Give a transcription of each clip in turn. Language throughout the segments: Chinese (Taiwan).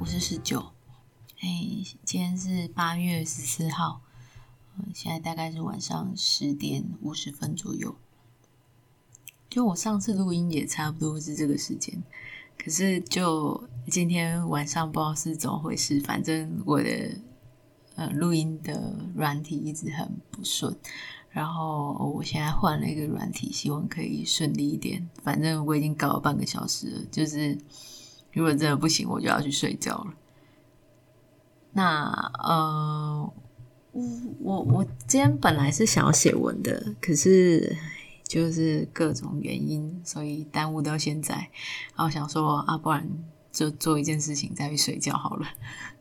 我是十九，誒，今天是八月十四號，現在大概是晚上十點五十分左右。就我上次錄音也差不多是這個時間，可是就今天晚上不知道是怎麼回事，反正我的呃錄音的軟體一直很不順，然後我現在換了一個軟體，希望可以順利一點。反正我已經搞了半個小時了，就是。如果真的不行，我就要去睡覺了。那呃，我我我今天本來是想要寫文的，可是就是各種原因，所以耽誤到現在。然後想說啊，不然就做一件事情再去睡覺好了。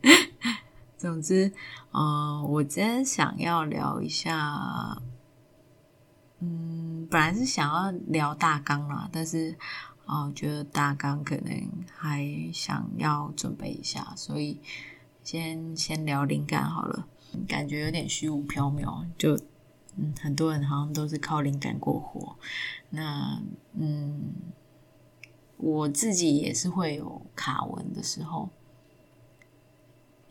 總之，呃，我今天想要聊一下，嗯，本來是想要聊大綱啦，但是。啊、哦，我覺得大綱可能還想要準備一下，所以先先聊靈感好了。感覺有點虛無縹緲，就嗯，很多人好像都是靠靈感過活。那嗯，我自己也是會有卡文的時候。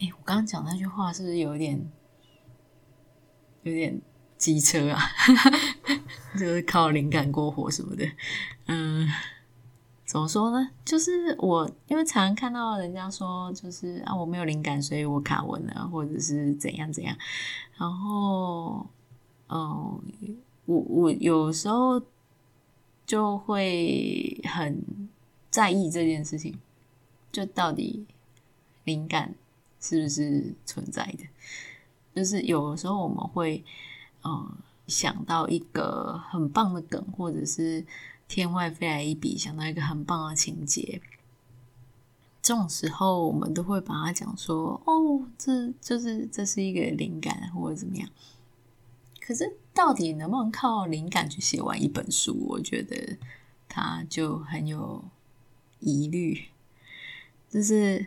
哎，我剛剛講那句話是不是有點有點機車啊？ 就是靠靈感過活什麼的，嗯。怎麼說呢？就是我因為常看到人家說，就是啊，我沒有靈感，所以我卡文了，或者是怎樣怎樣。然後，嗯，我我有時候就會很在意這件事情，就到底靈感是不是存在的？就是有時候我們會，嗯，想到一個很棒的梗，或者是。天外飛來一筆，想到一個很棒的情節。這種時候，我們都會把它講說：“哦，這就是這是一個靈感，或者怎麼樣。”可是，到底能不能靠靈感去寫完一本書？我覺得他就很有疑慮。就是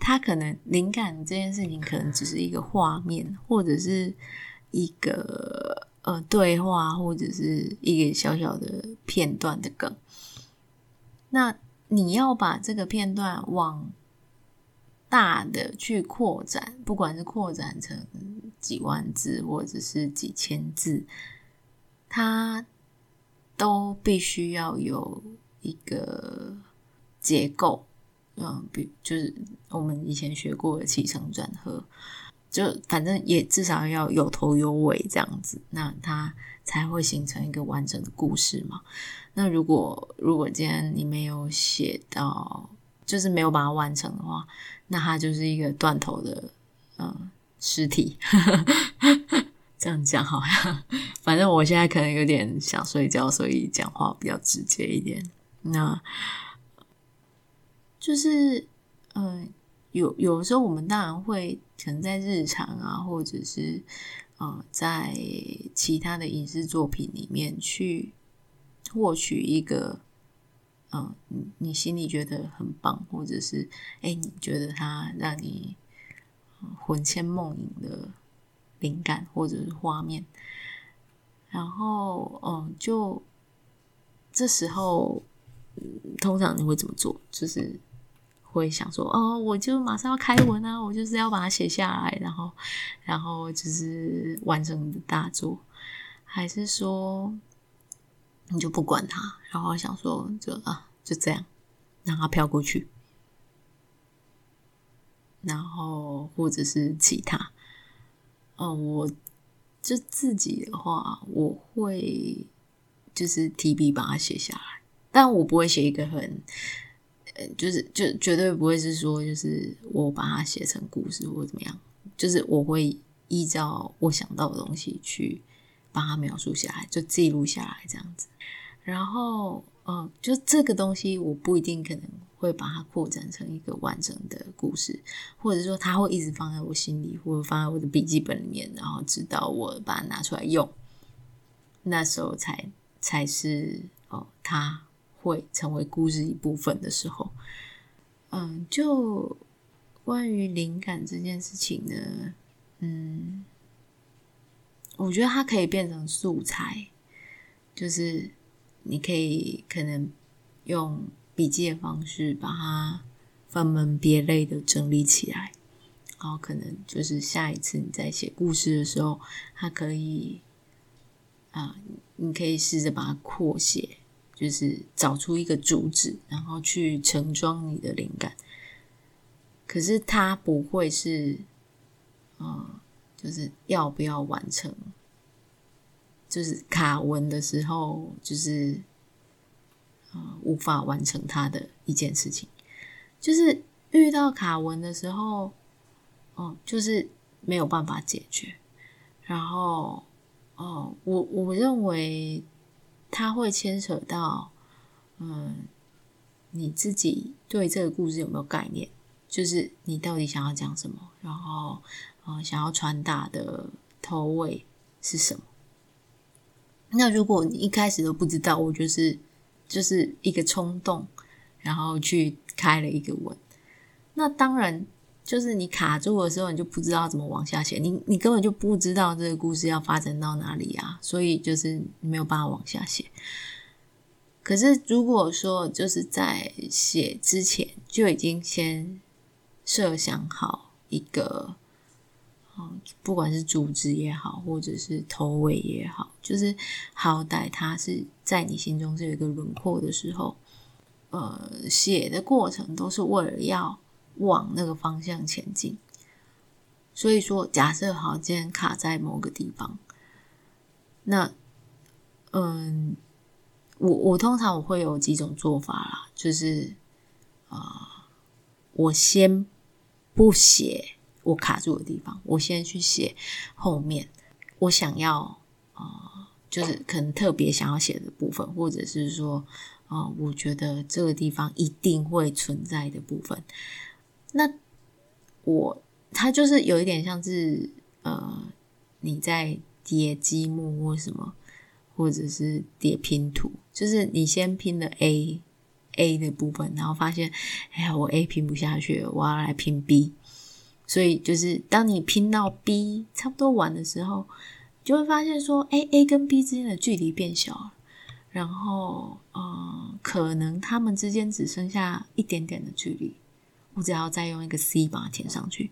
他可能靈感這件事情，可能只是一個畫面，或者是一個。呃，對話或者是一個小小的片段的梗，那你要把這個片段往大的去擴展，不管是擴展成幾萬字或者是幾千字，它都必須要有一個結構，嗯、啊，比就是我們以前學過的起承轉合。就反正也至少要有頭有尾這樣子，那它才會形成一個完整的故事嘛。那如果如果今天你沒有寫到，就是沒有把它完成的話，那它就是一個斷頭的嗯屍體。 這樣講好像，反正我現在可能有點想睡覺，所以講話比較直接一點。那就是嗯、呃，有有的時候我們當然會。可能在日常啊，或者是，呃，在其他的影視作品裡面去獲取一個，嗯、呃，你心裡覺得很棒，或者是哎，你覺得他讓你魂牽夢縈的靈感或者是畫面，然後，嗯、呃，就這時候、嗯，通常你會怎麼做？就是。會想說哦，我就馬上要開文啊，我就是要把它寫下來，然後，然後就是完成你的大作，還是說你就不管它？然後想說就啊，就這樣讓它飄過去，然後或者是其他哦，我就自己的話，我會就是提筆把它寫下來，但我不會寫一個很。就是，就絕對不會是說，就是我把它寫成故事或怎麼樣，就是我會依照我想到的東西去把它描述下來，就記錄下來這樣子。然後，嗯，就這個東西我不一定可能會把它擴展成一個完整的故事，或者說它會一直放在我心裡，或者放在我的筆記本裡面，然後直到我把它拿出來用，那時候才才是哦，它。會成為故事一部分的時候，嗯，就關於靈感這件事情呢，嗯，我覺得它可以變成素材，就是你可以可能用筆記的方式把它分門別類的整理起來，然後可能就是下一次你在寫故事的時候，它可以，啊，你可以試着把它擴寫。就是找出一個主旨，然後去盛裝你的靈感。可是它不會是，嗯，就是要不要完成？就是卡文的時候，就是，嗯，無法完成它的一件事情。就是遇到卡文的時候，哦、嗯，就是沒有辦法解決。然後，哦、嗯，我我認為。他會牽扯到，嗯，你自己對這個故事有沒有概念？就是你到底想要講什麼，然後啊、嗯，想要傳達的頭尾是什麼？那如果你一開始都不知道，我就是就是一個衝動，然後去開了一個文，那當然。就是你卡住的時候，你就不知道怎麼往下寫，你你根本就不知道這個故事要發展到哪裡啊，所以就是沒有辦法往下寫。可是如果說就是在寫之前就已經先設想好一個，嗯，不管是組織也好，或者是頭尾也好，就是好歹它是在你心中是有一個輪廓的時候，呃，寫的過程都是為了要。往那個方向前進。所以說，假設好今天卡在某個地方，那，嗯，我我通常我會有幾種做法啦，就是啊、呃，我先不寫我卡住的地方，我先去寫後面我想要啊、呃，就是可能特別想要寫的部分，或者是說啊、呃，我覺得這個地方一定會存在的部分。那我他就是有一點像是呃你在疊積木或什麼，或者是疊拼圖，就是你先拼了 A A 的部分，然後發現哎呀我 A 拼不下去，我要來拼 B。所以就是當你拼到 B 差不多完的時候，就會發現說 A A 跟 B 之間的距離變小了，然後嗯、呃、可能他們之間只剩下一點點的距離。我只要再用一個 C 把它填上去，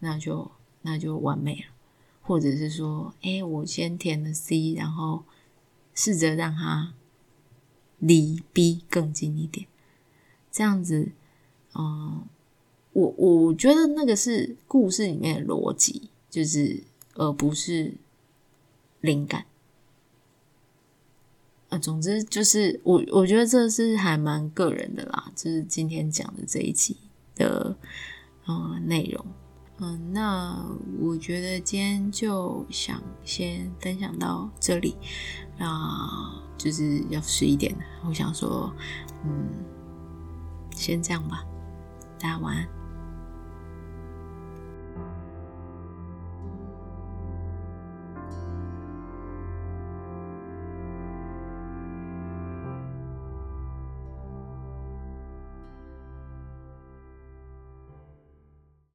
那就那就完美了。或者是說，哎，我先填了 C，然後試着讓它離 B 更近一點。這樣子，嗯，我我覺得那個是故事裡面的邏輯，就是而不是靈感。啊，總之就是我我覺得這是還蠻個人的啦，就是今天講的這一集。的嗯內容，嗯，那我覺得今天就想先分享到這裡，啊、嗯，就是要十一點了，我想說，嗯，先這樣吧，大家晚安。